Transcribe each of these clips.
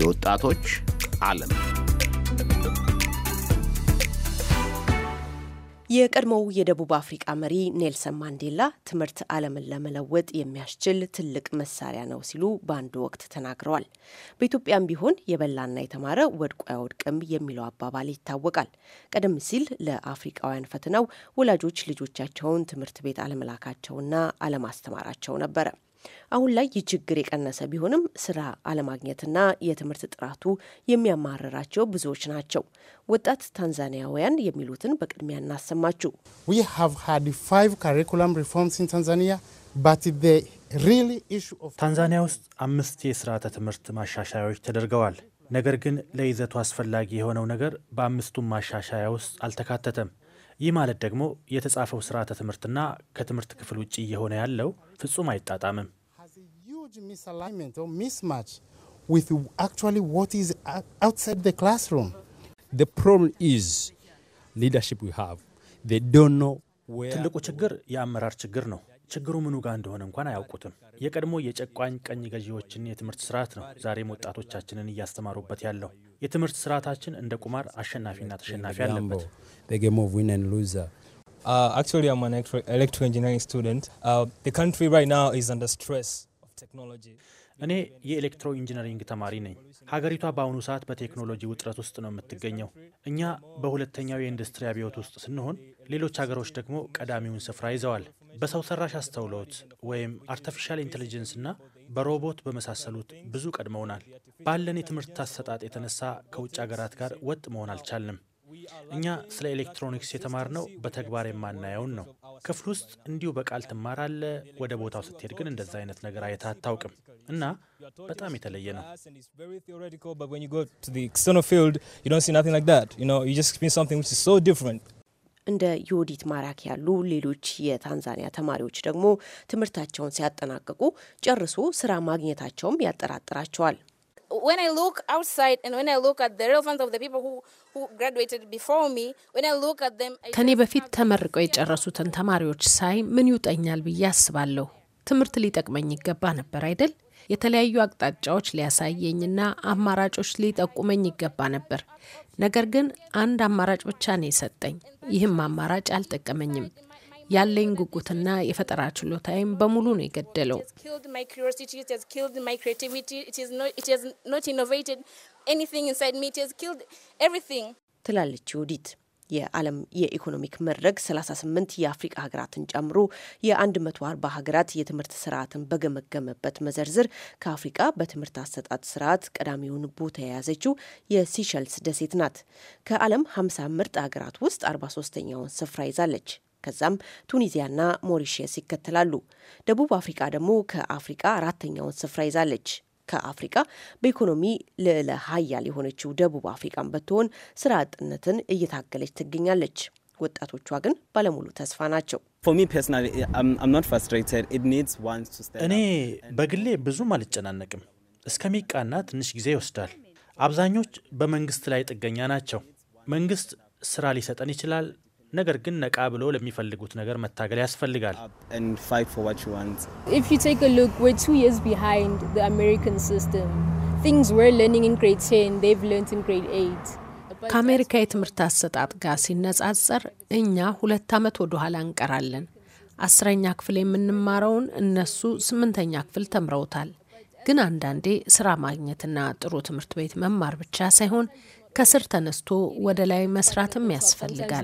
የወጣቶች ዓለም የቀድሞው የደቡብ አፍሪቃ መሪ ኔልሰን ማንዴላ ትምህርት ዓለምን ለመለወጥ የሚያስችል ትልቅ መሳሪያ ነው ሲሉ በአንድ ወቅት ተናግረዋል። በኢትዮጵያም ቢሆን የበላና የተማረ ወድቆ አይወድቅም የሚለው አባባል ይታወቃል። ቀደም ሲል ለአፍሪቃውያን ፈተናው ወላጆች ልጆቻቸውን ትምህርት ቤት አለመላካቸውና አለማስተማራቸው ነበረ። አሁን ላይ ይህ ችግር የቀነሰ ቢሆንም ስራ አለማግኘትና የትምህርት ጥራቱ የሚያማርራቸው ብዙዎች ናቸው። ወጣት ታንዛኒያውያን የሚሉትን በቅድሚያ እናሰማችሁ። ታንዛኒያ ውስጥ አምስት የስርዓተ ትምህርት ማሻሻያዎች ተደርገዋል። ነገር ግን ለይዘቱ አስፈላጊ የሆነው ነገር በአምስቱም ማሻሻያ ውስጥ አልተካተተም። ይህ ማለት ደግሞ የተጻፈው ስርዓተ ትምህርትና ከትምህርት ክፍል ውጭ እየሆነ ያለው ፍጹም አይጣጣምም። huge misalignment or mismatch with actually what is outside the classroom. The problem is leadership we have. They don't know where ትልቁ ችግር የአመራር ችግር ነው። ችግሩ ምኑ ጋር እንደሆነ እንኳን አያውቁትም። የቀድሞ የጨቋኝ ቀኝ ገዢዎችን የትምህርት ስርዓት ነው ዛሬም ወጣቶቻችንን እያስተማሩበት ያለው። የትምህርት ስርዓታችን እንደ ቁማር አሸናፊና ተሸናፊ አለበት። Uh, actually, I'm an electrical engineering student. Uh, the country right now is under stress. እኔ የኤሌክትሮ ኢንጂነሪንግ ተማሪ ነኝ። ሀገሪቷ በአሁኑ ሰዓት በቴክኖሎጂ ውጥረት ውስጥ ነው የምትገኘው። እኛ በሁለተኛው የኢንዱስትሪ አብዮት ውስጥ ስንሆን፣ ሌሎች ሀገሮች ደግሞ ቀዳሚውን ስፍራ ይዘዋል። በሰው ሰራሽ አስተውሎት ወይም አርቲፊሻል ኢንቴሊጀንስ በሮቦት በመሳሰሉት ብዙ ቀድመውናል። ባለን የትምህርት አሰጣጥ የተነሳ ከውጭ ሀገራት ጋር ወጥ መሆን አልቻልንም። እኛ ስለ ኤሌክትሮኒክስ የተማርነው በተግባር የማናየውን ነው። ክፍል ውስጥ እንዲሁ በቃል ትማራለ፣ ወደ ቦታው ስትሄድ ግን እንደዛ አይነት ነገር አይተህ አታውቅም እና በጣም የተለየ ነው። እንደ ዮዲት ማራኪ ያሉ ሌሎች የታንዛኒያ ተማሪዎች ደግሞ ትምህርታቸውን ሲያጠናቅቁ ጨርሶ ስራ ማግኘታቸውም ያጠራጥራቸዋል። when I look outside and when I look at the relevance of the people who, who graduated before me, when I look at them, ከኔ በፊት ተመርቀው የጨረሱትን ተማሪዎች ሳይ ምን ይውጠኛል ብዬ አስባለሁ። ትምህርት ሊጠቅመኝ ይገባ ነበር አይደል? የተለያዩ አቅጣጫዎች ሊያሳየኝና አማራጮች ሊጠቁመኝ ይገባ ነበር። ነገር ግን አንድ አማራጭ ብቻ ነው የሰጠኝ። ይህም አማራጭ አልጠቀመኝም። ያለኝ ጉጉትና የፈጠራ ችሎታዬም በሙሉ ነው የገደለው። ትላለች ውዲት። የዓለም የኢኮኖሚክ መድረክ 38 የአፍሪቃ ሀገራትን ጨምሮ የ140 ሀገራት የትምህርት ስርዓትን በገመገመበት መዘርዝር ከአፍሪቃ በትምህርት አሰጣጥ ስርዓት ቀዳሚውን ቦታ የያዘችው የሲሸልስ ደሴት ናት። ከዓለም 50 ምርጥ ሀገራት ውስጥ 43ኛውን ስፍራ ይዛለች። ከዛም ቱኒዚያና ሞሪሽየስ ይከተላሉ። ደቡብ አፍሪቃ ደግሞ ከአፍሪቃ አራተኛውን ስፍራ ይዛለች። ከአፍሪቃ በኢኮኖሚ ልዕለ ሀያል የሆነችው ደቡብ አፍሪቃን ብትሆን ስራ አጥነትን እየታገለች ትገኛለች። ወጣቶቿ ግን ባለሙሉ ተስፋ ናቸው። እኔ በግሌ ብዙም አልጨናነቅም። እስከሚቃና ትንሽ ጊዜ ይወስዳል። አብዛኞች በመንግስት ላይ ጥገኛ ናቸው። መንግስት ስራ ሊሰጠን ይችላል፣ ነገር ግን ነቃ ብሎ ለሚፈልጉት ነገር መታገል ያስፈልጋል። ከአሜሪካ የትምህርት አሰጣጥ ጋር ሲነጻጸር እኛ ሁለት ዓመት ወደ ኋላ እንቀራለን። አስረኛ ክፍል የምንማረውን እነሱ ስምንተኛ ክፍል ተምረውታል። ግን አንዳንዴ ስራ ማግኘትና ጥሩ ትምህርት ቤት መማር ብቻ ሳይሆን ከስር ተነስቶ ወደ ላይ መስራትም ያስፈልጋል።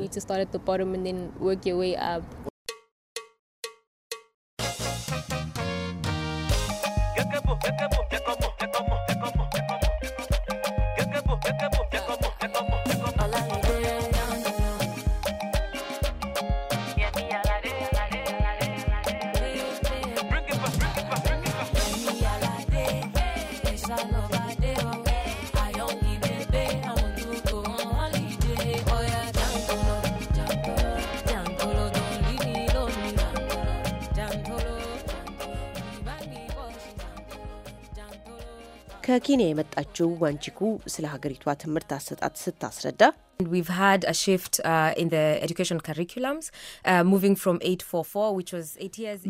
ከኬንያ የመጣችው ዋንጂኩ ስለ ሀገሪቷ ትምህርት አሰጣት ስታስረዳ uh, uh,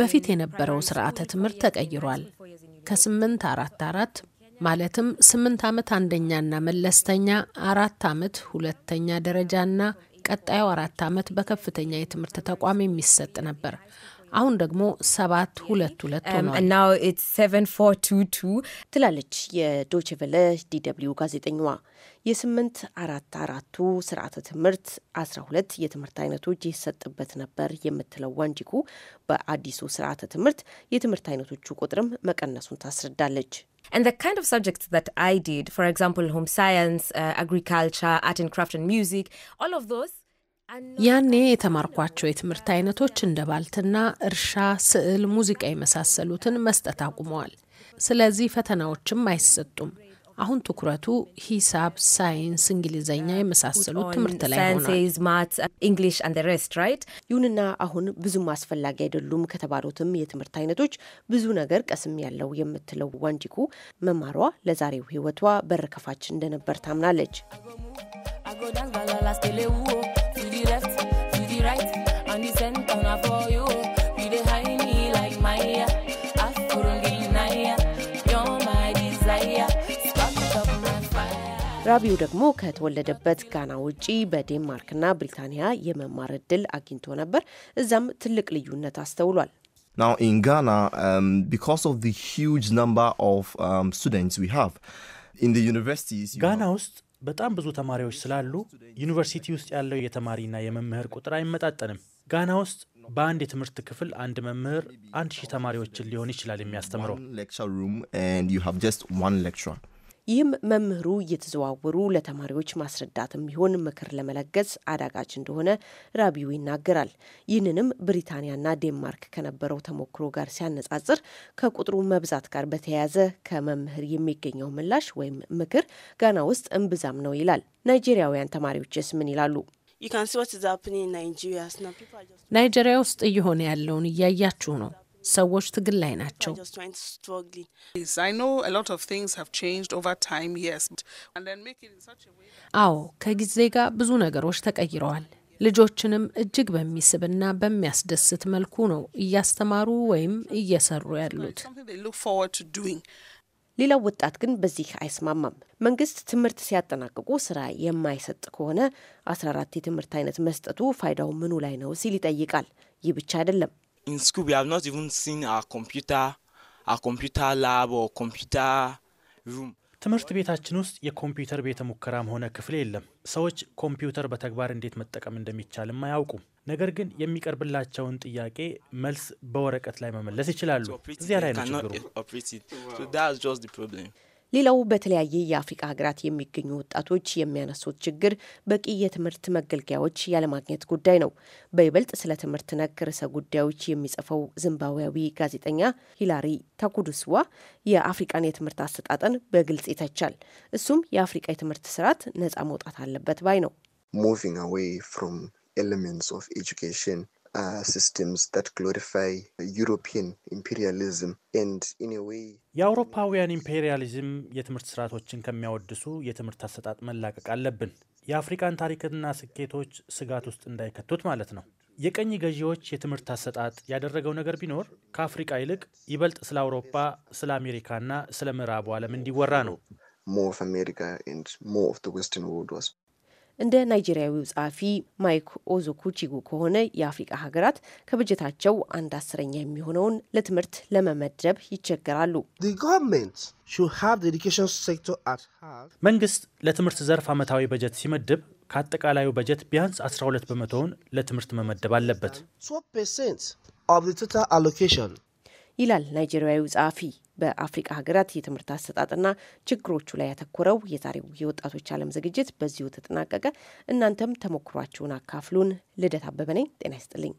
በፊት የነበረው ስርዓተ ትምህርት ተቀይሯል። ከስምንት አራት አራት ማለትም ስምንት ዓመት አንደኛና መለስተኛ፣ አራት ዓመት ሁለተኛ ደረጃና ቀጣዩ አራት ዓመት በከፍተኛ የትምህርት ተቋም የሚሰጥ ነበር። አሁን ደግሞ ሰባት ሁለት ሁለት um, ሆኗል ትላለች የዶችቨለ ዲደብሊው ጋዜጠኛዋ። የስምንት አራት አራቱ ስርዓተ ትምህርት አስራ ሁለት የትምህርት አይነቶች ይሰጥበት ነበር የምትለው ዋንጂኩ በአዲሱ ስርዓተ ትምህርት የትምህርት አይነቶቹ ቁጥርም መቀነሱን ታስረዳለች። And the kind of subjects that I did, for example, home science, uh, agriculture, art and craft and music, all of those ያኔ የተማርኳቸው የትምህርት አይነቶች እንደ ባልትና፣ እርሻ፣ ስዕል፣ ሙዚቃ የመሳሰሉትን መስጠት አቁመዋል። ስለዚህ ፈተናዎችም አይሰጡም። አሁን ትኩረቱ ሂሳብ፣ ሳይንስ፣ እንግሊዘኛ የመሳሰሉት ትምህርት ላይ ይሁንና አሁን ብዙም አስፈላጊ አይደሉም ከተባሉትም የትምህርት አይነቶች ብዙ ነገር ቀስም ያለው የምትለው ዋንጂኩ መማሯ ለዛሬው ሕይወቷ በር ከፋች እንደነበር ታምናለች። right, and the center now for you. Be the high me like Maya, I couldn't deny you're my desire. ራቢው ደግሞ ከተወለደበት ጋና ውጪ በዴንማርክና ብሪታንያ የመማር እድል አግኝቶ ነበር። እዛም ትልቅ ልዩነት አስተውሏል። Now in Ghana, um, because of the huge number of um, students we have, in the universities, Ghana ውስጥ በጣም ብዙ ተማሪዎች ስላሉ ዩኒቨርሲቲ ውስጥ ያለው የተማሪና የመምህር ቁጥር አይመጣጠንም። ጋና ውስጥ በአንድ የትምህርት ክፍል አንድ መምህር አንድ ሺህ ተማሪዎችን ሊሆን ይችላል የሚያስተምረው። ይህም መምህሩ እየተዘዋወሩ ለተማሪዎች ማስረዳትም ይሆን ምክር ለመለገስ አዳጋች እንደሆነ ራቢው ይናገራል። ይህንንም ብሪታንያና ዴንማርክ ከነበረው ተሞክሮ ጋር ሲያነጻጽር ከቁጥሩ መብዛት ጋር በተያያዘ ከመምህር የሚገኘው ምላሽ ወይም ምክር ጋና ውስጥ እምብዛም ነው ይላል። ናይጄሪያውያን ተማሪዎችስ ምን ይላሉ? ናይጄሪያ ውስጥ እየሆነ ያለውን እያያችሁ ነው። ሰዎች ትግል ላይ ናቸው። አዎ ከጊዜ ጋር ብዙ ነገሮች ተቀይረዋል። ልጆችንም እጅግ በሚስብና በሚያስደስት መልኩ ነው እያስተማሩ ወይም እየሰሩ ያሉት። ሌላው ወጣት ግን በዚህ አይስማማም። መንግስት ትምህርት ሲያጠናቅቁ ስራ የማይሰጥ ከሆነ 14 የትምህርት አይነት መስጠቱ ፋይዳው ምኑ ላይ ነው ሲል ይጠይቃል። ይህ ብቻ አይደለም። in school we have not even seen our computer our computer lab or computer room ትምህርት ቤታችን ውስጥ የኮምፒውተር ቤተ ሙከራም ሆነ ክፍል የለም። ሰዎች ኮምፒውተር በተግባር እንዴት መጠቀም እንደሚቻልም አያውቁም። ነገር ግን የሚቀርብላቸውን ጥያቄ መልስ በወረቀት ላይ መመለስ ይችላሉ። እዚያ ላይ ነው ችግሩ። ሌላው በተለያየ የአፍሪካ ሀገራት የሚገኙ ወጣቶች የሚያነሱት ችግር በቂ የትምህርት መገልገያዎች ያለማግኘት ጉዳይ ነው። በይበልጥ ስለ ትምህርት ነክ ርዕሰ ጉዳዮች የሚጽፈው ዚምባብዌያዊ ጋዜጠኛ ሂላሪ ታኩዱስዋ የአፍሪቃን የትምህርት አሰጣጠን በግልጽ ይተቻል። እሱም የአፍሪቃ የትምህርት ስርዓት ነጻ መውጣት አለበት ባይ ነው። Uh, የአውሮፓውያን ኢምፔሪያሊዝም የትምህርት ስርዓቶችን ከሚያወድሱ የትምህርት አሰጣጥ መላቀቅ አለብን። የአፍሪካን ታሪክና ስኬቶች ስጋት ውስጥ እንዳይከቱት ማለት ነው። የቀኝ ገዢዎች የትምህርት አሰጣጥ ያደረገው ነገር ቢኖር ከአፍሪቃ ይልቅ ይበልጥ ስለ አውሮፓ፣ ስለ አሜሪካና ስለ ምዕራቡ ዓለም እንዲወራ ነው። እንደ ናይጄሪያዊው ጸሐፊ ማይክ ኦዞኩቺጉ ከሆነ የአፍሪቃ ሀገራት ከበጀታቸው አንድ አስረኛ የሚሆነውን ለትምህርት ለመመደብ ይቸገራሉ። መንግስት ለትምህርት ዘርፍ ዓመታዊ በጀት ሲመድብ ከአጠቃላዩ በጀት ቢያንስ 12 በመቶውን ለትምህርት መመደብ አለበት። ይላል ናይጄሪያዊ ጸሐፊ። በአፍሪቃ ሀገራት የትምህርት አሰጣጥና ችግሮቹ ላይ ያተኮረው የዛሬው የወጣቶች ዓለም ዝግጅት በዚሁ ተጠናቀቀ። እናንተም ተሞክሯችሁን አካፍሉን። ልደት አበበ ነኝ። ጤና ይስጥልኝ።